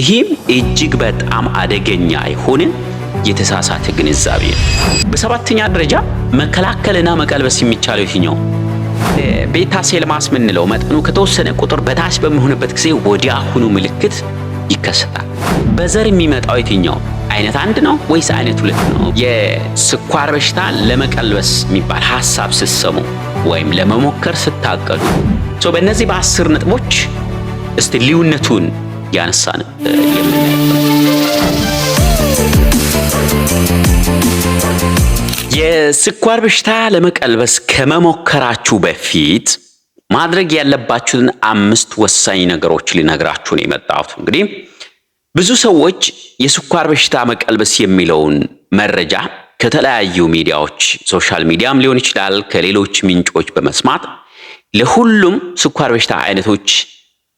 ይህም እጅግ በጣም አደገኛ የሆነ የተሳሳተ ግንዛቤ ነው። በሰባተኛ ደረጃ መከላከልና መቀልበስ የሚቻለው ይህኛው ቤታ ሴልማስ የምንለው መጠኑ ከተወሰነ ቁጥር በታች በሚሆንበት ጊዜ ወዲያውኑ ምልክት ይከሰታል። በዘር የሚመጣው የትኛው አይነት አንድ ነው ወይስ አይነት ሁለት ነው? የስኳር በሽታ ለመቀልበስ የሚባል ሀሳብ ስትሰሙ ወይም ለመሞከር ስታቀዱ በእነዚህ በአስር ነጥቦች እስቲ ልዩነቱን ያነሳን የስኳር በሽታ ለመቀልበስ ከመሞከራችሁ በፊት ማድረግ ያለባችሁን አምስት ወሳኝ ነገሮች ሊነግራችሁ ነው የመጣሁት። እንግዲህ ብዙ ሰዎች የስኳር በሽታ መቀልበስ የሚለውን መረጃ ከተለያዩ ሚዲያዎች፣ ሶሻል ሚዲያም ሊሆን ይችላል፣ ከሌሎች ምንጮች በመስማት ለሁሉም ስኳር በሽታ አይነቶች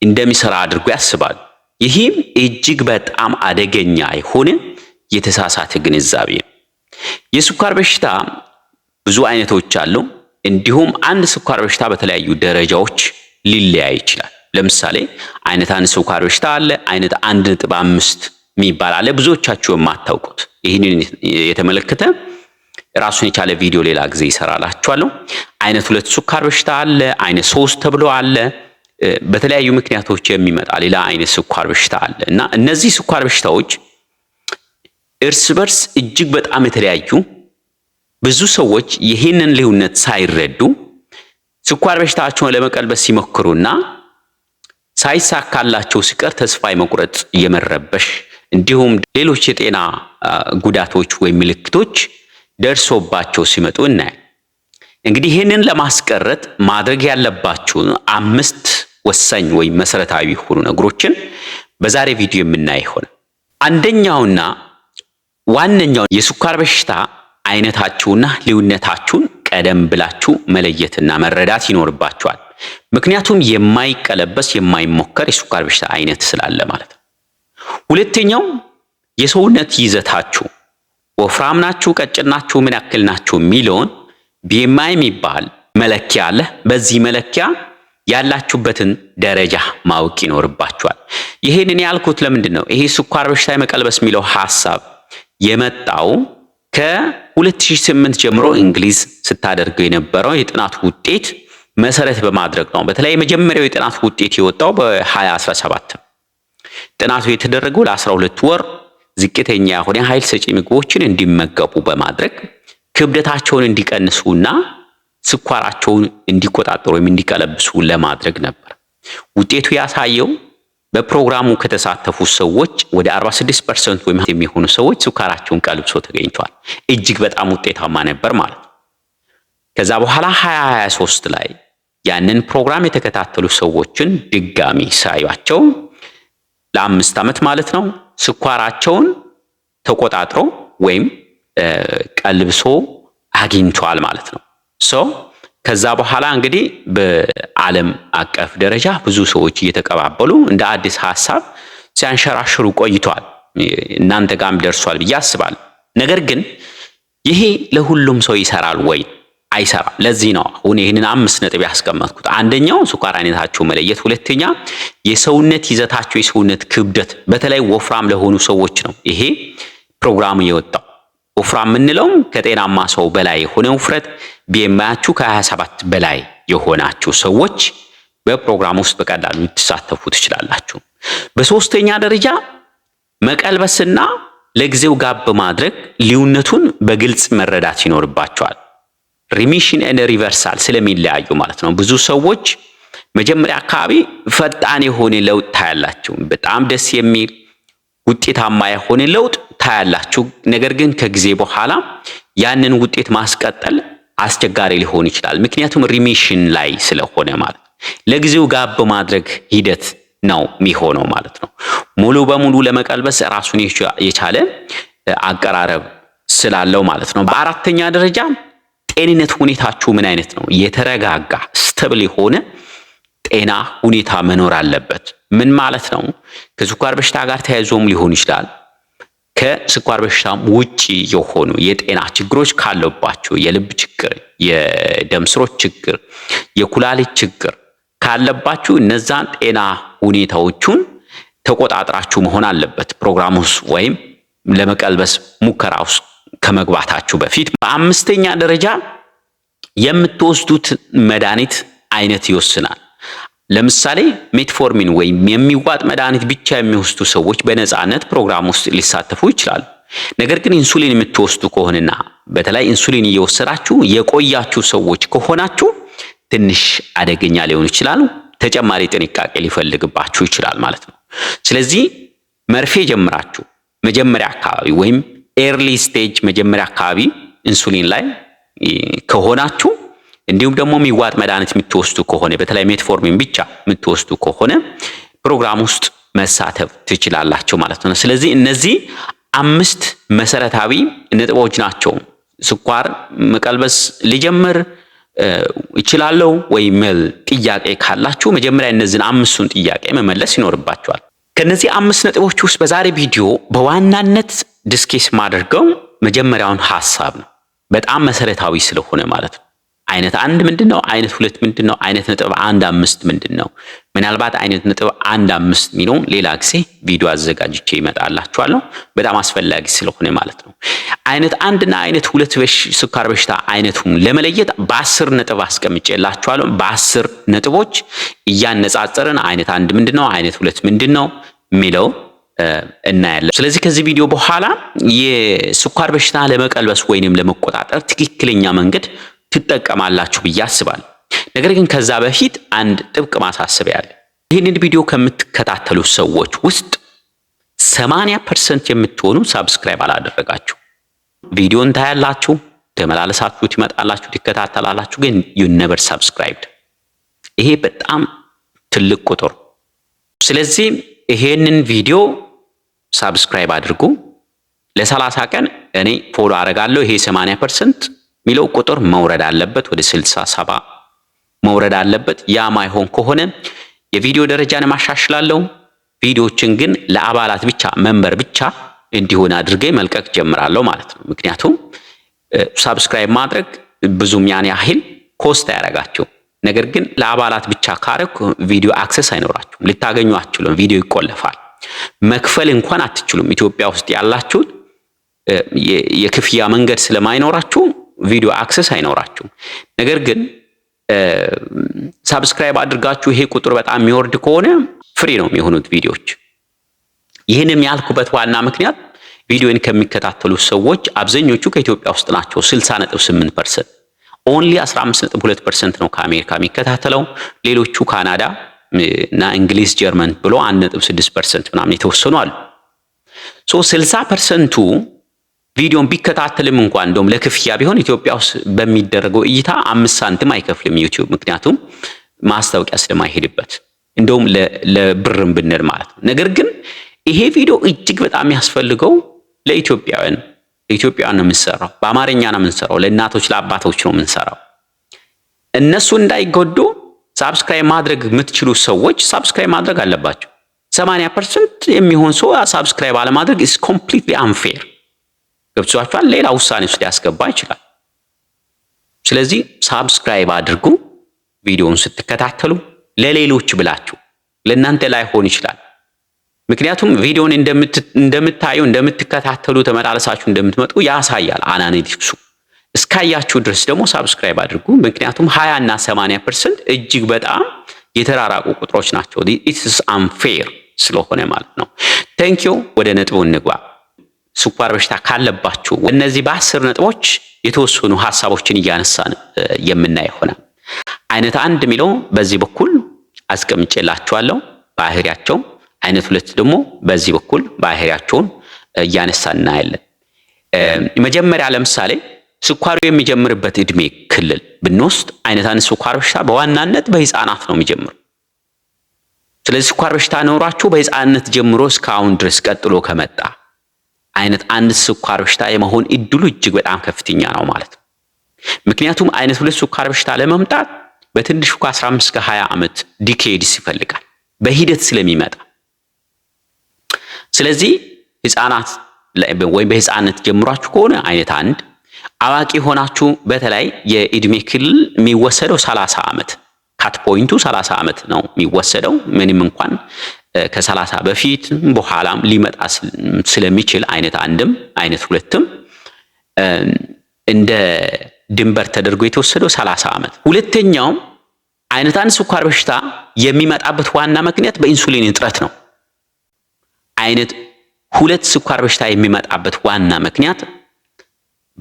እንደሚሰራ አድርጎ ያስባል። ይህም እጅግ በጣም አደገኛ የሆነ የተሳሳተ ግንዛቤ ነው። የስኳር በሽታ ብዙ አይነቶች አሉ። እንዲሁም አንድ ስኳር በሽታ በተለያዩ ደረጃዎች ሊለያይ ይችላል። ለምሳሌ አይነት አንድ ስኳር በሽታ አለ። አይነት አንድ ነጥብ አምስት የሚባል አለ። ብዙዎቻችሁ የማታውቁት ይህንን የተመለከተ ራሱን የቻለ ቪዲዮ ሌላ ጊዜ ይሰራላችኋለሁ። አይነት ሁለት ስኳር በሽታ አለ። አይነት ሶስት ተብሎ አለ። በተለያዩ ምክንያቶች የሚመጣ ሌላ አይነት ስኳር በሽታ አለ እና እነዚህ ስኳር በሽታዎች እርስ በርስ እጅግ በጣም የተለያዩ ብዙ ሰዎች ይህንን ልዩነት ሳይረዱ ስኳር በሽታቸውን ለመቀልበስ ሲሞክሩና ሳይሳካላቸው ሲቀር ተስፋ የመቁረጥ የመረበሽ እንዲሁም ሌሎች የጤና ጉዳቶች ወይም ምልክቶች ደርሶባቸው ሲመጡ እናያል። እንግዲህ ይህንን ለማስቀረት ማድረግ ያለባችሁ አምስት ወሳኝ ወይም መሰረታዊ የሆኑ ነገሮችን በዛሬ ቪዲዮ የምናይ ይሆናል። አንደኛውና ዋነኛው የስኳር በሽታ አይነታችሁና ልዩነታችሁን ቀደም ብላችሁ መለየትና መረዳት ይኖርባችኋል። ምክንያቱም የማይቀለበስ የማይሞከር የስኳር በሽታ አይነት ስላለ ማለት ነው። ሁለተኛው የሰውነት ይዘታችሁ ወፍራም ናችሁ፣ ቀጭን ናችሁ፣ ምን ያክል ናችሁ የሚለውን ቢኤምአይ የሚባል መለኪያ አለ። በዚህ መለኪያ ያላችሁበትን ደረጃ ማወቅ ይኖርባችኋል። ይህንን ያልኩት ለምንድን ነው? ይሄ ስኳር በሽታ የመቀልበስ የሚለው ሀሳብ የመጣው ከ2008 ጀምሮ እንግሊዝ ስታደርገው የነበረው የጥናት ውጤት መሰረት በማድረግ ነው። በተለይ የመጀመሪያው የጥናት ውጤት የወጣው በ2017 ጥናቱ የተደረገው ለ12 ወር ዝቅተኛ የሆነ ኃይል ሰጪ ምግቦችን እንዲመገቡ በማድረግ ክብደታቸውን እንዲቀንሱና ስኳራቸውን እንዲቆጣጠሩ ወይም እንዲቀለብሱ ለማድረግ ነበር። ውጤቱ ያሳየው በፕሮግራሙ ከተሳተፉ ሰዎች ወደ 46% ወይም የሚሆኑ ሰዎች ስኳራቸውን ቀልብሶ ተገኝቷል። እጅግ በጣም ውጤታማ ነበር ማለት ነው። ከዛ በኋላ 2023 ላይ ያንን ፕሮግራም የተከታተሉ ሰዎችን ድጋሚ ሳያቸው ለአምስት ዓመት ማለት ነው ስኳራቸውን ተቆጣጥሮ ወይም ቀልብሶ አግኝቷል ማለት ነው። ሶ ከዛ በኋላ እንግዲህ በዓለም አቀፍ ደረጃ ብዙ ሰዎች እየተቀባበሉ እንደ አዲስ ሀሳብ ሲያንሸራሽሩ ቆይቷል እናንተ ጋም ደርሷል ብዬ አስባል። ነገር ግን ይሄ ለሁሉም ሰው ይሰራል ወይ? አይሰራም። ለዚህ ነው አሁን ይህንን አምስት ነጥብ ያስቀመጥኩት። አንደኛው ስኳር አይነታቸው መለየት፣ ሁለተኛ የሰውነት ይዘታቸው የሰውነት ክብደት በተለይ ወፍራም ለሆኑ ሰዎች ነው ይሄ ፕሮግራም የወጣው። ወፍራም የምንለውም ከጤናማ ሰው በላይ የሆነ ውፍረት ቢኤምአያችሁ ከ27 በላይ የሆናችሁ ሰዎች በፕሮግራም ውስጥ በቀላሉ ልትሳተፉ ትችላላችሁ። በሶስተኛ ደረጃ መቀልበስና ለጊዜው ጋብ ማድረግ ልዩነቱን በግልጽ መረዳት ይኖርባቸዋል። ሪሚሽን ኤንድ ሪቨርሳል ስለሚለያዩ ማለት ነው። ብዙ ሰዎች መጀመሪያ አካባቢ ፈጣን የሆነ ለውጥ ታያላችሁ። በጣም ደስ የሚል ውጤታማ የሆነ ለውጥ ታያላችሁ። ነገር ግን ከጊዜ በኋላ ያንን ውጤት ማስቀጠል አስቸጋሪ ሊሆን ይችላል። ምክንያቱም ሪሚሽን ላይ ስለሆነ ማለት ለጊዜው ጋብ ማድረግ ሂደት ነው የሚሆነው ማለት ነው። ሙሉ በሙሉ ለመቀልበስ ራሱን የቻለ አቀራረብ ስላለው ማለት ነው። በአራተኛ ደረጃ ጤንነት ሁኔታችሁ ምን አይነት ነው? የተረጋጋ ስተብል የሆነ ጤና ሁኔታ መኖር አለበት። ምን ማለት ነው? ከስኳር በሽታ ጋር ተያይዞም ሊሆን ይችላል። ከስኳር በሽታም ውጪ የሆኑ የጤና ችግሮች ካለባችሁ የልብ ችግር፣ የደም ስሮች ችግር፣ የኩላሊት ችግር ካለባችሁ እነዛን ጤና ሁኔታዎቹን ተቆጣጥራችሁ መሆን አለበት ፕሮግራም ውስጥ ወይም ለመቀልበስ ሙከራ ውስጥ ከመግባታችሁ በፊት። በአምስተኛ ደረጃ የምትወስዱት መድኃኒት አይነት ይወስናል። ለምሳሌ ሜትፎርሚን ወይም የሚዋጥ መድኃኒት ብቻ የሚወስዱ ሰዎች በነፃነት ፕሮግራም ውስጥ ሊሳተፉ ይችላሉ። ነገር ግን ኢንሱሊን የምትወስዱ ከሆነና በተለይ ኢንሱሊን እየወሰዳችሁ የቆያችሁ ሰዎች ከሆናችሁ ትንሽ አደገኛ ሊሆን ይችላል። ተጨማሪ ጥንቃቄ ሊፈልግባችሁ ይችላል ማለት ነው። ስለዚህ መርፌ ጀምራችሁ መጀመሪያ አካባቢ ወይም ኤርሊ ስቴጅ መጀመሪያ አካባቢ ኢንሱሊን ላይ ከሆናችሁ እንዲሁም ደግሞ የሚዋጥ መድኃኒት የምትወስዱ ከሆነ በተለይ ሜትፎርሚን ብቻ የምትወስዱ ከሆነ ፕሮግራም ውስጥ መሳተፍ ትችላላችሁ ማለት ነው። ስለዚህ እነዚህ አምስት መሰረታዊ ነጥቦች ናቸው። ስኳር መቀልበስ ልጀምር እችላለሁ ወይም ጥያቄ ካላችሁ መጀመሪያ እነዚህን አምስቱን ጥያቄ መመለስ ይኖርባችኋል። ከነዚህ አምስት ነጥቦች ውስጥ በዛሬ ቪዲዮ በዋናነት ዲስኬስ ማድርገው መጀመሪያውን ሀሳብ ነው። በጣም መሰረታዊ ስለሆነ ማለት ነው። አይነት አንድ ምንድን ነው? አይነት ሁለት ምንድን ነው? አይነት ነጥብ አንድ አምስት ምንድን ነው? ምናልባት አይነት ነጥብ አንድ አምስት የሚለውን ሌላ ጊዜ ቪዲዮ አዘጋጅቼ ይመጣላችኋለሁ። በጣም አስፈላጊ ስለሆነ ማለት ነው። አይነት አንድና አይነት ሁለት ስኳር በሽታ አይነቱን ለመለየት በአስር ነጥብ አስቀምጬላችኋለሁ። በአስር ነጥቦች እያነጻጸርን አይነት አንድ ምንድን ነው፣ አይነት ሁለት ምንድን ነው የሚለው እናያለን። ስለዚህ ከዚህ ቪዲዮ በኋላ የስኳር በሽታ ለመቀልበስ ወይንም ለመቆጣጠር ትክክለኛ መንገድ ትጠቀማላችሁ ብዬ አስባለሁ። ነገር ግን ከዛ በፊት አንድ ጥብቅ ማሳሰቢያ አለ። ይህንን ቪዲዮ ከምትከታተሉ ሰዎች ውስጥ 80 ፐርሰንት የምትሆኑ ሳብስክራይብ አላደረጋችሁ። ቪዲዮን ታያላችሁ፣ ተመላለሳችሁ ትመጣላችሁ፣ ትከታተላላችሁ፣ ግን ዩ ሳብስክራይብድ። ይሄ በጣም ትልቅ ቁጥር። ስለዚህ ይሄንን ቪዲዮ ሳብስክራይብ አድርጉ። ለሰላሳ ቀን እኔ ፎሎ አደርጋለሁ። ይሄ 80 ፐርሰንት የሚለው ቁጥር መውረድ አለበት ወደ 60 70 መውረድ አለበት። ያ ማይሆን ከሆነ የቪዲዮ ደረጃን ማሻሽላለው ቪዲዮዎችን ግን ለአባላት ብቻ መንበር ብቻ እንዲሆን አድርጌ መልቀቅ ጀምራለሁ ማለት ነው። ምክንያቱም ሳብስክራይብ ማድረግ ብዙም ያን ያህል ኮስት አያደርጋቸው። ነገር ግን ለአባላት ብቻ ካረኩ ቪዲዮ አክሰስ አይኖራችሁም፣ ልታገኙ አትችሉም። ቪዲዮ ይቆለፋል። መክፈል እንኳን አትችሉም። ኢትዮጵያ ውስጥ ያላችሁን የክፍያ መንገድ ስለማይኖራችሁ ቪዲዮ አክሰስ አይኖራችሁም። ነገር ግን ሳብስክራይብ አድርጋችሁ ይሄ ቁጥር በጣም የሚወርድ ከሆነ ፍሪ ነው የሚሆኑት ቪዲዮዎች። ይህን ያልኩበት ዋና ምክንያት ቪዲዮን ከሚከታተሉ ሰዎች አብዛኞቹ ከኢትዮጵያ ውስጥ ናቸው። 60.8 ፐርሰንት፣ ኦንሊ 15.2 ፐርሰንት ነው ከአሜሪካ የሚከታተለው። ሌሎቹ ካናዳ እና እንግሊዝ፣ ጀርመን ብሎ 1.6 ፐርሰንት ምናምን የተወሰኑ አሉ። ሶ 60 ፐርሰንቱ ቪዲዮን ቢከታተልም እንኳን እንደውም ለክፍያ ቢሆን ኢትዮጵያ ውስጥ በሚደረገው እይታ አምስት ሳንቲም አይከፍልም ዩቲዩብ። ምክንያቱም ማስታወቂያ ስለማይሄድበት እንደውም ለብርም ብንል ማለት ነው። ነገር ግን ይሄ ቪዲዮ እጅግ በጣም ያስፈልገው ለኢትዮጵያውያን ለኢትዮጵያውያን ነው የምንሰራው፣ በአማርኛ ነው የምንሰራው፣ ለእናቶች ለአባቶች ነው የምንሰራው። እነሱ እንዳይጎዱ ሳብስክራይብ ማድረግ የምትችሉ ሰዎች ሳብስክራይብ ማድረግ አለባቸው። 80 ፐርሰንት የሚሆን ሰው ሳብስክራይብ አለማድረግ ኢስ ኮምፕሊትሊ አንፌር ገብቷችኋል? ሌላ ውሳኔ ውስጥ ሊያስገባ ይችላል። ስለዚህ ሳብስክራይብ አድርጉ። ቪዲዮውን ስትከታተሉ ለሌሎች ብላችሁ ለእናንተ ላይሆን ይችላል። ምክንያቱም ቪዲዮን እንደምታዩ እንደምትከታተሉ ተመላለሳችሁ እንደምትመጡ ያሳያል አናሊቲክሱ። እስካያችሁ ድረስ ደግሞ ሳብስክራይብ አድርጉ። ምክንያቱም 20 እና 80 ፐርሰንት እጅግ በጣም የተራራቁ ቁጥሮች ናቸው። ኢትስ አንፌር ስለሆነ ማለት ነው። ቴንኪዩ። ወደ ነጥቡ እንግባ። ስኳር በሽታ ካለባችሁ እነዚህ በአስር ነጥቦች የተወሰኑ ሀሳቦችን እያነሳን የምናይ ሆነ አይነት አንድ የሚለው በዚህ በኩል አስቀምጬላችኋለሁ ባህሪያቸው፣ አይነት ሁለት ደግሞ በዚህ በኩል ባህሪያቸውን እያነሳ እናያለን። መጀመሪያ ለምሳሌ ስኳሩ የሚጀምርበት እድሜ ክልል ብንወስድ አይነት አንድ ስኳር በሽታ በዋናነት በህፃናት ነው የሚጀምረው። ስለዚህ ስኳር በሽታ ኖሯችሁ በህፃንነት ጀምሮ እስካሁን ድረስ ቀጥሎ ከመጣ አይነት አንድ ስኳር በሽታ የመሆን እድሉ እጅግ በጣም ከፍተኛ ነው ማለት ነው። ምክንያቱም አይነት ሁለት ስኳር በሽታ ለመምጣት በትንሹ ከ15 ከ20 ዓመት ዲኬድስ ይፈልጋል በሂደት ስለሚመጣ። ስለዚህ ህፃናት ወይም በህፃነት ጀምሯችሁ ከሆነ አይነት አንድ አዋቂ ሆናችሁ በተለይ የእድሜ ክልል የሚወሰደው 30 ዓመት ካት ፖይንቱ 30 ዓመት ነው የሚወሰደው ምንም እንኳን ከሰላሳ በፊት በኋላም ሊመጣ ስለሚችል አይነት አንድም አይነት ሁለትም እንደ ድንበር ተደርጎ የተወሰደው ሰላሳ ዓመት። ሁለተኛውም አይነት አንድ ስኳር በሽታ የሚመጣበት ዋና ምክንያት በኢንሱሊን እጥረት ነው። አይነት ሁለት ስኳር በሽታ የሚመጣበት ዋና ምክንያት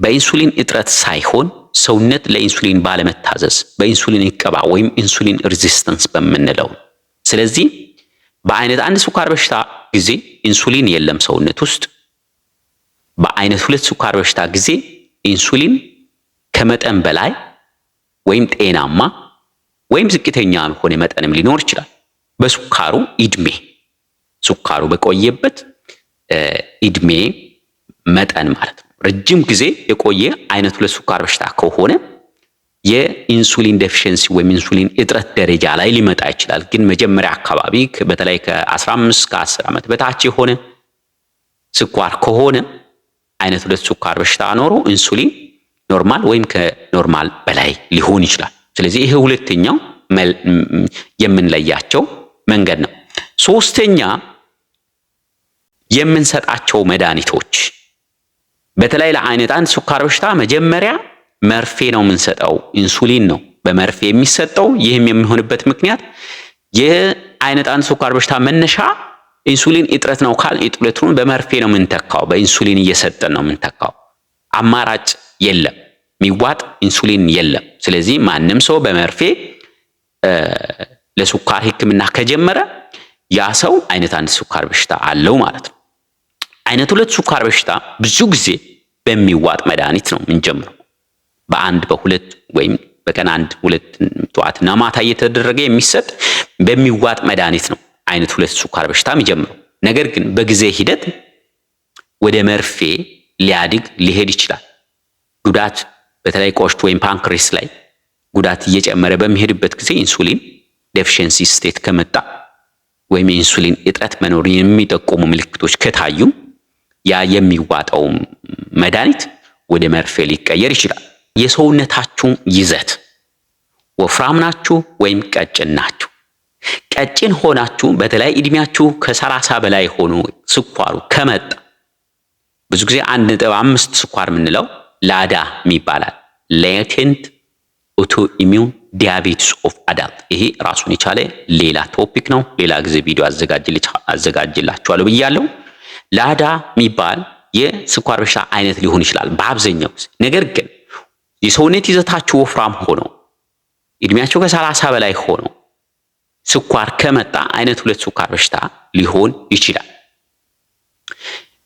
በኢንሱሊን እጥረት ሳይሆን ሰውነት ለኢንሱሊን ባለመታዘዝ በኢንሱሊን ይቀባ ወይም ኢንሱሊን ሬዚስተንስ በምንለው ስለዚህ በአይነት አንድ ስኳር በሽታ ጊዜ ኢንሱሊን የለም ሰውነት ውስጥ። በአይነት ሁለት ስኳር በሽታ ጊዜ ኢንሱሊን ከመጠን በላይ ወይም ጤናማ ወይም ዝቅተኛ የሆነ መጠንም ሊኖር ይችላል። በስኳሩ ኢድሜ ስኳሩ በቆየበት ኢድሜ መጠን ማለት ነው። ረጅም ጊዜ የቆየ አይነት ሁለት ስኳር በሽታ ከሆነ የኢንሱሊን ዴፊሽንሲ ወይም ኢንሱሊን እጥረት ደረጃ ላይ ሊመጣ ይችላል። ግን መጀመሪያ አካባቢ በተለይ ከ15 ከ10 ዓመት በታች የሆነ ስኳር ከሆነ አይነት ሁለት ስኳር በሽታ ኖሮ ኢንሱሊን ኖርማል ወይም ከኖርማል በላይ ሊሆን ይችላል። ስለዚህ ይሄ ሁለተኛው የምንለያቸው መንገድ ነው። ሶስተኛ የምንሰጣቸው መድኃኒቶች በተለይ ለአይነት አንድ ስኳር በሽታ መጀመሪያ መርፌ ነው የምንሰጠው፣ ኢንሱሊን ነው በመርፌ የሚሰጠው። ይህም የሚሆንበት ምክንያት የአይነት አንድ ስኳር በሽታ መነሻ ኢንሱሊን እጥረት ነው ካል እጥረቱን በመርፌ ነው የምንተካው፣ በኢንሱሊን እየሰጠን ነው የምንተካው። አማራጭ የለም፣ የሚዋጥ ኢንሱሊን የለም። ስለዚህ ማንም ሰው በመርፌ ለስኳር ሕክምና ከጀመረ ያ ሰው አይነት አንድ ስኳር በሽታ አለው ማለት ነው። አይነት ሁለት ስኳር በሽታ ብዙ ጊዜ በሚዋጥ መድኃኒት ነው የምንጀምረው። በአንድ በሁለት ወይም በቀን አንድ ሁለት እና ማታ እየተደረገ የሚሰጥ በሚዋጥ መድኃኒት ነው አይነት ሁለት ስኳር በሽታ የሚጀምረው። ነገር ግን በጊዜ ሂደት ወደ መርፌ ሊያድግ ሊሄድ ይችላል። ጉዳት በተለይ ቆሽት ወይም ፓንክሬስ ላይ ጉዳት እየጨመረ በሚሄድበት ጊዜ ኢንሱሊን ዴፊሽንሲ ስቴት ከመጣ ወይም የኢንሱሊን እጥረት መኖር የሚጠቁሙ ምልክቶች ከታዩ ያ የሚዋጠው መድኃኒት ወደ መርፌ ሊቀየር ይችላል። የሰውነታችሁ ይዘት ወፍራም ናችሁ ወይም ቀጭን ናችሁ። ቀጭን ሆናችሁ በተለይ እድሜያችሁ ከሰላሳ በላይ ሆኖ ስኳሩ ከመጣ ብዙ ጊዜ አንድ ነጥብ አምስት ስኳር የምንለው ላዳ ይባላል። ሌቴንት ኦቶ ኢሚዩን ዲያቤትስ ኦፍ አዳልት። ይሄ ራሱን የቻለ ሌላ ቶፒክ ነው። ሌላ ጊዜ ቪዲዮ አዘጋጅላችኋለሁ ብያለሁ። ላዳ የሚባል የስኳር በሽታ አይነት ሊሆን ይችላል በአብዛኛው ነገር ግን የሰውነት ይዘታቸው ወፍራም ሆነው እድሜያቸው ከሰላሳ በላይ ሆነው ስኳር ከመጣ አይነት ሁለት ስኳር በሽታ ሊሆን ይችላል።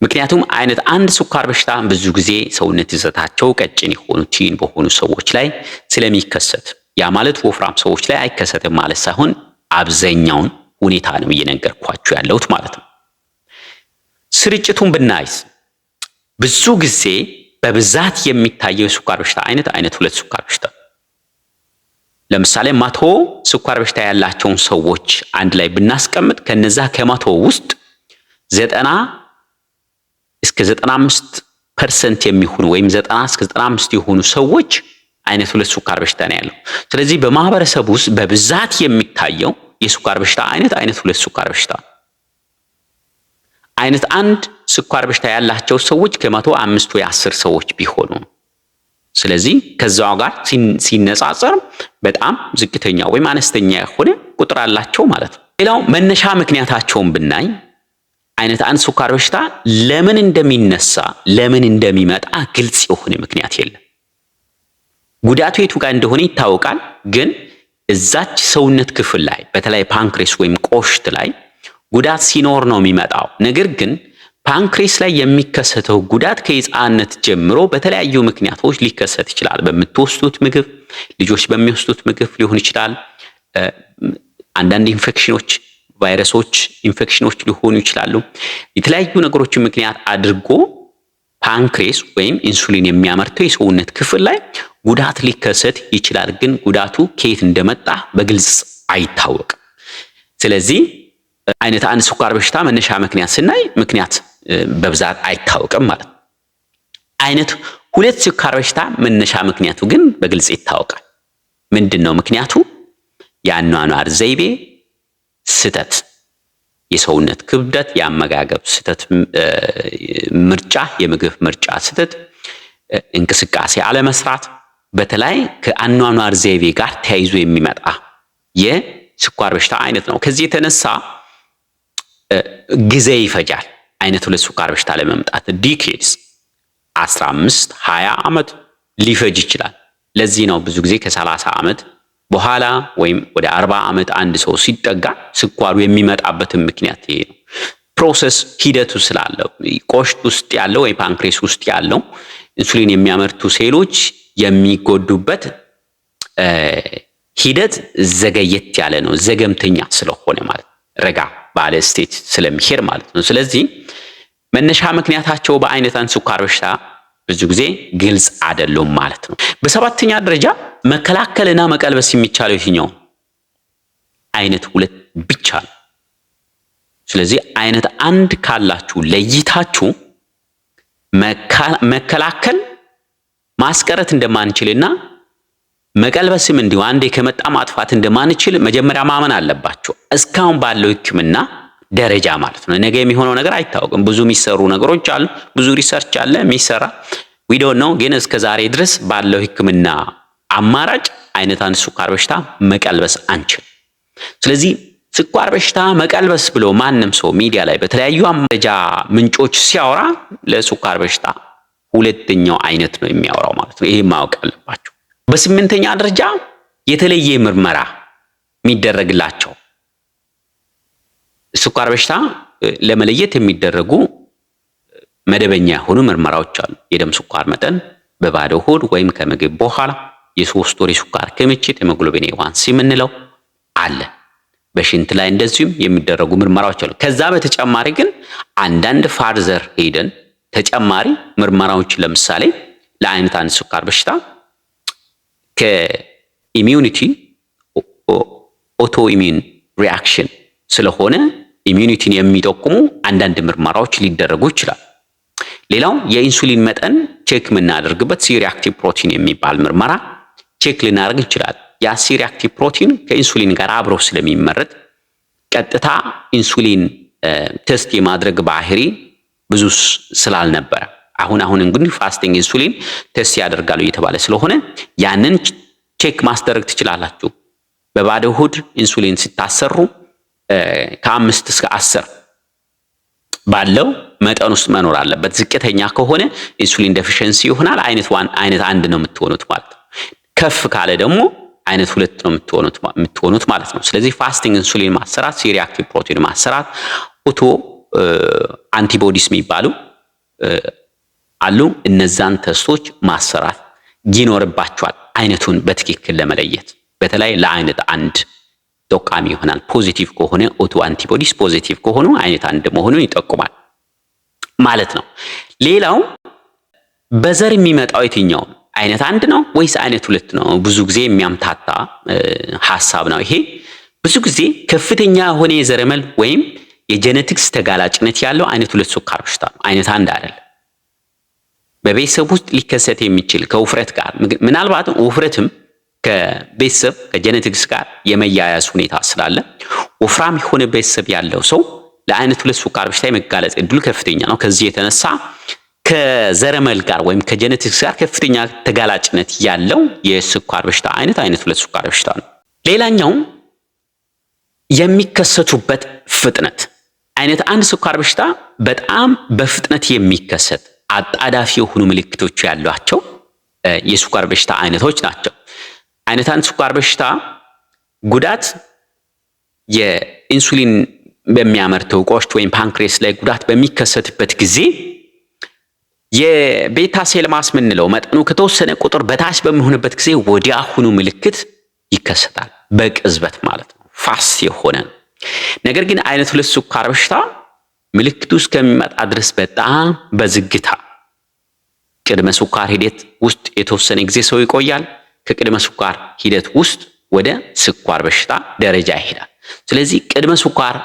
ምክንያቱም አይነት አንድ ስኳር በሽታ ብዙ ጊዜ ሰውነት ይዘታቸው ቀጭን የሆኑ ቲን በሆኑ ሰዎች ላይ ስለሚከሰት ያ ማለት ወፍራም ሰዎች ላይ አይከሰትም ማለት ሳይሆን አብዛኛውን ሁኔታ ነው እየነገርኳችሁ ያለሁት ማለት ነው። ስርጭቱን ብናይስ ብዙ ጊዜ በብዛት የሚታየው የስኳር በሽታ አይነት አይነት ሁለት ስኳር በሽታ ለምሳሌ መቶ ስኳር በሽታ ያላቸውን ሰዎች አንድ ላይ ብናስቀምጥ ከነዛ ከመቶ ውስጥ ዘጠና እስከ ዘጠና አምስት ፐርሰንት የሚሆኑ ወይም ዘጠና እስከ ዘጠና አምስት የሆኑ ሰዎች አይነት ሁለት ስኳር በሽታ ነው ያለው። ስለዚህ በማህበረሰብ ውስጥ በብዛት የሚታየው የስኳር በሽታ አይነት አይነት ሁለት ስኳር በሽታ ነው። አይነት አንድ ስኳር በሽታ ያላቸው ሰዎች ከመቶ አምስቱ የአስር ሰዎች ቢሆኑ ስለዚህ ከዛው ጋር ሲነጻጸር በጣም ዝቅተኛ ወይም አነስተኛ የሆነ ቁጥር አላቸው ማለት ነው። ሌላው መነሻ ምክንያታቸውን ብናይ አይነት አንድ ስኳር በሽታ ለምን እንደሚነሳ ለምን እንደሚመጣ ግልጽ የሆነ ምክንያት የለም። ጉዳቱ የቱ ጋር እንደሆነ ይታወቃል፣ ግን እዛች ሰውነት ክፍል ላይ በተለይ ፓንክሬስ ወይም ቆሽት ላይ ጉዳት ሲኖር ነው የሚመጣው። ነገር ግን ፓንክሬስ ላይ የሚከሰተው ጉዳት ከህፃነት ጀምሮ በተለያዩ ምክንያቶች ሊከሰት ይችላል። በምትወስዱት ምግብ፣ ልጆች በሚወስዱት ምግብ ሊሆን ይችላል። አንዳንድ ኢንፌክሽኖች፣ ቫይረሶች ኢንፌክሽኖች ሊሆኑ ይችላሉ። የተለያዩ ነገሮችን ምክንያት አድርጎ ፓንክሬስ ወይም ኢንሱሊን የሚያመርተው የሰውነት ክፍል ላይ ጉዳት ሊከሰት ይችላል። ግን ጉዳቱ ከየት እንደመጣ በግልጽ አይታወቅም። ስለዚህ አይነት አንድ ስኳር በሽታ መነሻ ምክንያት ስናይ ምክንያት በብዛት አይታወቅም ማለት ነው። አይነት ሁለት ስኳር በሽታ መነሻ ምክንያቱ ግን በግልጽ ይታወቃል። ምንድን ነው ምክንያቱ? የአኗኗር ዘይቤ ስህተት፣ የሰውነት ክብደት፣ የአመጋገብ ስህተት ምርጫ፣ የምግብ ምርጫ ስህተት፣ እንቅስቃሴ አለመስራት፣ በተለይ ከአኗኗር ዘይቤ ጋር ተያይዞ የሚመጣ የስኳር በሽታ አይነት ነው። ከዚህ የተነሳ ጊዜ ይፈጃል። አይነት ሁለት ስኳር በሽታ ለመምጣት ዲኬድስ 15 20 ዓመት ሊፈጅ ይችላል። ለዚህ ነው ብዙ ጊዜ ከ30 ዓመት በኋላ ወይም ወደ 40 ዓመት አንድ ሰው ሲጠጋ ስኳሩ የሚመጣበትን ምክንያት ይሄ ነው። ፕሮሰስ ሂደቱ ስላለው ቆሽት ውስጥ ያለው ወይ ፓንክሬስ ውስጥ ያለው ኢንሱሊን የሚያመርቱ ሴሎች የሚጎዱበት ሂደት ዘገየት ያለ ነው፣ ዘገምተኛ ስለሆነ ማለት ነው። ረጋ ባለ ስቴት ስለሚሄድ ማለት ነው። ስለዚህ መነሻ ምክንያታቸው በአይነት ስኳር በሽታ ብዙ ጊዜ ግልጽ አይደለም ማለት ነው። በሰባተኛ ደረጃ መከላከልና መቀልበስ የሚቻለው የትኛው አይነት ሁለት ብቻ ነው። ስለዚህ አይነት አንድ ካላችሁ ለይታችሁ መከላከል ማስቀረት እንደማንችልና መቀልበስም እንዲሁ አንዴ ከመጣ ማጥፋት እንደማንችል መጀመሪያ ማመን አለባቸው። እስካሁን ባለው ሕክምና ደረጃ ማለት ነው። ነገ የሚሆነው ነገር አይታወቅም። ብዙ የሚሰሩ ነገሮች አሉ። ብዙ ሪሰርች አለ የሚሰራ ዊዶ ነው። ግን እስከ ዛሬ ድረስ ባለው ሕክምና አማራጭ አይነት አንድ ስኳር በሽታ መቀልበስ አንችል። ስለዚህ ስኳር በሽታ መቀልበስ ብሎ ማንም ሰው ሚዲያ ላይ በተለያዩ መረጃ ምንጮች ሲያወራ ለስኳር በሽታ ሁለተኛው አይነት ነው የሚያወራው ማለት ነው። ይሄ ማወቅ አለባቸው። በስምንተኛ ደረጃ የተለየ ምርመራ የሚደረግላቸው ስኳር በሽታ ለመለየት የሚደረጉ መደበኛ የሆኑ ምርመራዎች አሉ። የደም ስኳር መጠን በባዶ ሆድ ወይም ከምግብ በኋላ የሶስት ወር የስኳር ክምችት ሄሞግሎቢን ኤዋንሲ የምንለው አለ። በሽንት ላይ እንደዚሁም የሚደረጉ ምርመራዎች አሉ። ከዛ በተጨማሪ ግን አንዳንድ ፋርዘር ሄደን ተጨማሪ ምርመራዎች ለምሳሌ ለአይነት አንድ ስኳር በሽታ ከኢሚዩኒቲ ኦቶ ኢሚዩን ሪአክሽን ስለሆነ ኢሚዩኒቲን የሚጠቁሙ አንዳንድ ምርመራዎች ሊደረጉ ይችላል። ሌላው የኢንሱሊን መጠን ቼክ የምናደርግበት ሲሪአክቲቭ ፕሮቲን የሚባል ምርመራ ቼክ ልናደርግ ይችላል። ያ ሲሪአክቲቭ ፕሮቲን ከኢንሱሊን ጋር አብሮ ስለሚመረጥ ቀጥታ ኢንሱሊን ቴስት የማድረግ ባህሪ ብዙ ስላልነበረ አሁን አሁን እንግዲህ ፋስቲንግ ኢንሱሊን ቴስት ያደርጋሉ እየተባለ ስለሆነ ያንን ቼክ ማስደረግ ትችላላችሁ። በባዶ ሆድ ኢንሱሊን ስታሰሩ ከአምስት እስከ አስር ባለው መጠን ውስጥ መኖር አለበት። ዝቅተኛ ከሆነ ኢንሱሊን ዴፊሽንሲ ይሆናል። አይነት ዋን አይነት አንድ ነው የምትሆኑት ማለት ነው። ከፍ ካለ ደግሞ አይነት ሁለት ነው የምትሆኑት ማለት ነው። ስለዚህ ፋስቲንግ ኢንሱሊን ማሰራት፣ ሲሪአክቲቭ ፕሮቲን ማሰራት፣ ኦቶ አንቲቦዲስ የሚባሉ አሉ። እነዛን ተስቶች ማሰራት ይኖርባቸዋል። አይነቱን በትክክል ለመለየት በተለይ ለአይነት አንድ ጠቃሚ ይሆናል። ፖዚቲቭ ከሆነ ኦቶ አንቲቦዲስ ፖዚቲቭ ከሆኑ አይነት አንድ መሆኑን ይጠቁማል ማለት ነው። ሌላው በዘር የሚመጣው የትኛው አይነት አንድ ነው ወይስ አይነት ሁለት ነው? ብዙ ጊዜ የሚያምታታ ሐሳብ ነው ይሄ። ብዙ ጊዜ ከፍተኛ የሆነ የዘረመል ወይም የጄኔቲክስ ተጋላጭነት ያለው አይነት ሁለት ስኳር በሽታ ነው፣ አይነት አንድ አይደለም። በቤተሰብ ውስጥ ሊከሰት የሚችል ከውፍረት ጋር ምናልባት ውፍረትም ከቤተሰብ ከጀነቲክስ ጋር የመያያዝ ሁኔታ ስላለ ወፍራም የሆነ ቤተሰብ ያለው ሰው ለአይነት ሁለት ስኳር በሽታ የመጋለጽ እድሉ ከፍተኛ ነው። ከዚህ የተነሳ ከዘረመል ጋር ወይም ከጀነቲክስ ጋር ከፍተኛ ተጋላጭነት ያለው የስኳር በሽታ አይነት አይነት ሁለት ስኳር በሽታ ነው። ሌላኛው የሚከሰቱበት ፍጥነት አይነት አንድ ስኳር በሽታ በጣም በፍጥነት የሚከሰት አጣዳፊ የሆኑ ምልክቶች ያሏቸው የስኳር በሽታ አይነቶች ናቸው። አይነት አንድ ስኳር በሽታ ጉዳት የኢንሱሊን በሚያመርተው ቆሽት ወይም ፓንክሬስ ላይ ጉዳት በሚከሰትበት ጊዜ የቤታ ሴል ማስ የምንለው መጠኑ ከተወሰነ ቁጥር በታች በሚሆንበት ጊዜ ወዲያውኑ ምልክት ይከሰታል። በቅዝበት ማለት ነው። ፋስ የሆነ ነው። ነገር ግን አይነት ሁለት ስኳር በሽታ ምልክቱ እስከሚመጣ ድረስ በጣም በዝግታ ቅድመ ስኳር ሂደት ውስጥ የተወሰነ ጊዜ ሰው ይቆያል። ከቅድመ ስኳር ሂደት ውስጥ ወደ ስኳር በሽታ ደረጃ ይሄዳል። ስለዚህ ቅድመ ስኳር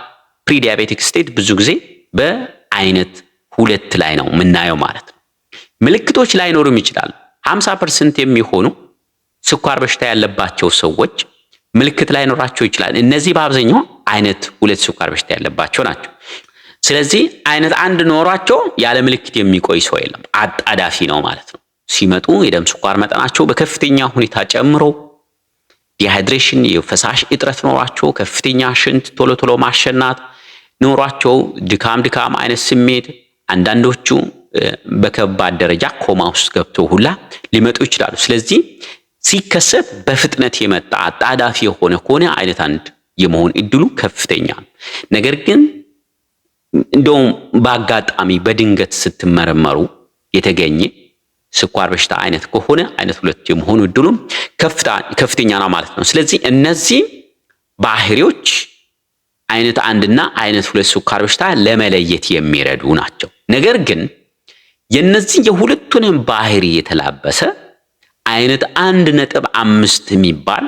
ፕሪዲያቤቲክ ስቴት ብዙ ጊዜ በአይነት ሁለት ላይ ነው የምናየው ማለት ነው። ምልክቶች ላይኖሩም ይችላል። 50% የሚሆኑ ስኳር በሽታ ያለባቸው ሰዎች ምልክት ላይኖራቸው ይችላል። እነዚህ በአብዛኛው አይነት ሁለት ስኳር በሽታ ያለባቸው ናቸው። ስለዚህ አይነት አንድ ኖሯቸው ያለ ምልክት የሚቆይ ሰው የለም። አጣዳፊ ነው ማለት ነው። ሲመጡ የደም ስኳር መጠናቸው በከፍተኛ ሁኔታ ጨምሮ ዲሃይድሬሽን፣ የፈሳሽ እጥረት ኖሯቸው ከፍተኛ ሽንት ቶሎ ቶሎ ማሸናት ኖሯቸው ድካም ድካም አይነት ስሜት አንዳንዶቹ በከባድ ደረጃ ኮማ ውስጥ ገብተው ሁላ ሊመጡ ይችላሉ። ስለዚህ ሲከሰት በፍጥነት የመጣ አጣዳፊ የሆነ ከሆነ አይነት አንድ የመሆን እድሉ ከፍተኛ ነው። ነገር ግን እንደውም በአጋጣሚ በድንገት ስትመረመሩ የተገኘ ስኳር በሽታ አይነት ከሆነ አይነት ሁለት የመሆኑ እድሉም ከፍተኛ ነው ማለት ነው። ስለዚህ እነዚህ ባህሪዎች አይነት አንድና አይነት ሁለት ስኳር በሽታ ለመለየት የሚረዱ ናቸው። ነገር ግን የነዚህ የሁለቱንም ባህሪ የተላበሰ አይነት አንድ ነጥብ አምስት የሚባል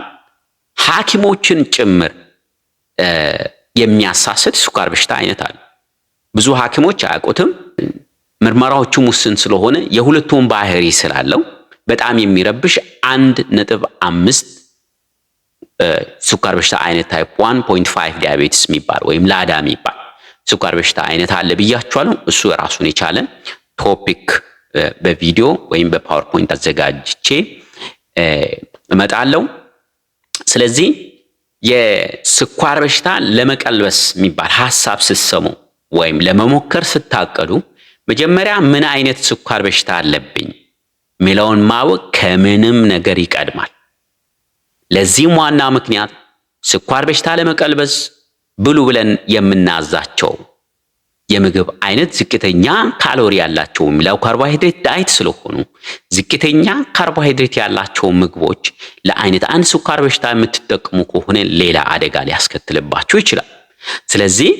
ሐኪሞችን ጭምር የሚያሳስድ ስኳር በሽታ አይነት አለ። ብዙ ሐኪሞች አያውቁትም። ምርመራዎቹ ውስን ስለሆነ የሁለቱም ባህሪ ስላለው በጣም የሚረብሽ አንድ ነጥብ አምስት ስኳር በሽታ አይነት ታይፕ 1.5 ዲያቤትስ የሚባል ወይም ላዳ የሚባል ስኳር በሽታ አይነት አለ ብያችኋለሁ። እሱ ራሱን የቻለ ቶፒክ በቪዲዮ ወይም በፓወርፖይንት አዘጋጅቼ እመጣለሁ። ስለዚህ የስኳር በሽታ ለመቀልበስ የሚባል ሀሳብ ስትሰሙ ወይም ለመሞከር ስታቀዱ መጀመሪያ ምን አይነት ስኳር በሽታ አለብኝ ሚለውን ማወቅ ከምንም ነገር ይቀድማል። ለዚህም ዋና ምክንያት ስኳር በሽታ ለመቀልበስ ብሉ ብለን የምናዛቸው የምግብ አይነት ዝቅተኛ ካሎሪ ያላቸው የሚለው ካርቦሃይድሬት ዳይት ስለሆኑ ዝቅተኛ ካርቦሃይድሬት ያላቸው ምግቦች ለአይነት አንድ ስኳር በሽታ የምትጠቀሙ ከሆነ ሌላ አደጋ ሊያስከትልባችሁ ይችላል። ስለዚህ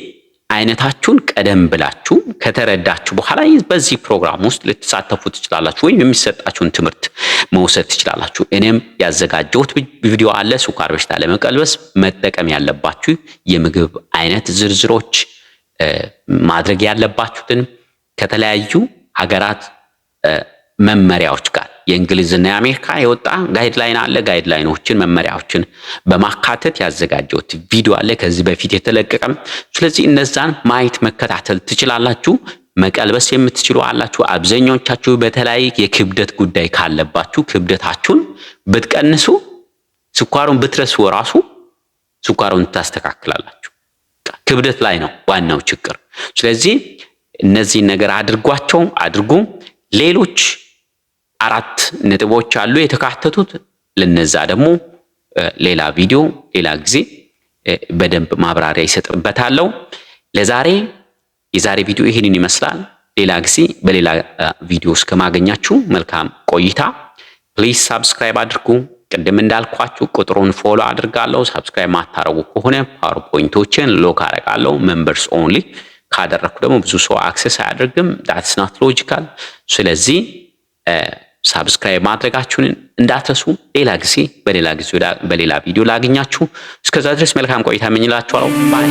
አይነታችሁን ቀደም ብላችሁ ከተረዳችሁ በኋላ በዚህ ፕሮግራም ውስጥ ልትሳተፉ ትችላላችሁ፣ ወይም የሚሰጣችሁን ትምህርት መውሰድ ትችላላችሁ። እኔም ያዘጋጀሁት ቪዲዮ አለ። ስኳር በሽታ ለመቀልበስ መጠቀም ያለባችሁ የምግብ አይነት ዝርዝሮች፣ ማድረግ ያለባችሁትን ከተለያዩ ሀገራት መመሪያዎች ጋር የእንግሊዝና የአሜሪካ የወጣ ጋይድላይን አለ። ጋይድላይኖችን መመሪያዎችን በማካተት ያዘጋጀሁት ቪዲዮ አለ ከዚህ በፊት የተለቀቀም። ስለዚህ እነዛን ማየት መከታተል ትችላላችሁ። መቀልበስ የምትችሉ አላችሁ። አብዛኛዎቻችሁ በተለያየ የክብደት ጉዳይ ካለባችሁ ክብደታችሁን ብትቀንሱ ስኳሩን ብትረሱ ራሱ ስኳሩን ታስተካክላላችሁ። ክብደት ላይ ነው ዋናው ችግር። ስለዚህ እነዚህን ነገር አድርጓቸው አድርጉ ሌሎች አራት ነጥቦች አሉ የተካተቱት። ለነዛ ደግሞ ሌላ ቪዲዮ ሌላ ጊዜ በደንብ ማብራሪያ ይሰጥበታለሁ። ለዛሬ የዛሬ ቪዲዮ ይህንን ይመስላል። ሌላ ጊዜ በሌላ ቪዲዮ እስከማገኛችሁ መልካም ቆይታ። ፕሊዝ ሳብስክራይብ አድርጉ። ቅድም እንዳልኳችሁ ቁጥሩን ፎሎ አድርጋለሁ። ሳብስክራይብ ማታረጉ ከሆነ ፓወርፖይንቶችን ሎክ አረጋለሁ። ሜምበርስ ኦንሊ ካደረግኩ ደግሞ ብዙ ሰው አክሰስ አያደርግም። ዳትስ ናት ሎጂካል። ስለዚህ ሳብስክራይብ ማድረጋችሁን እንዳትረሱ። ሌላ ጊዜ በሌላ ጊዜ በሌላ ቪዲዮ ላገኛችሁ። እስከዛ ድረስ መልካም ቆይታ እመኝላችኋለሁ። ባይ